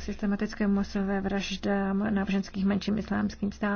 systematické masové vraždám náboženských menším islámským státem.